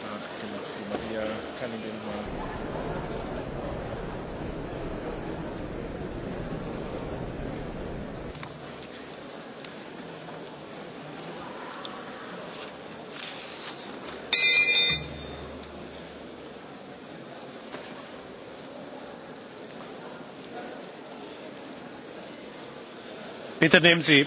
die Maria kann ihn mal bitte nehmen sie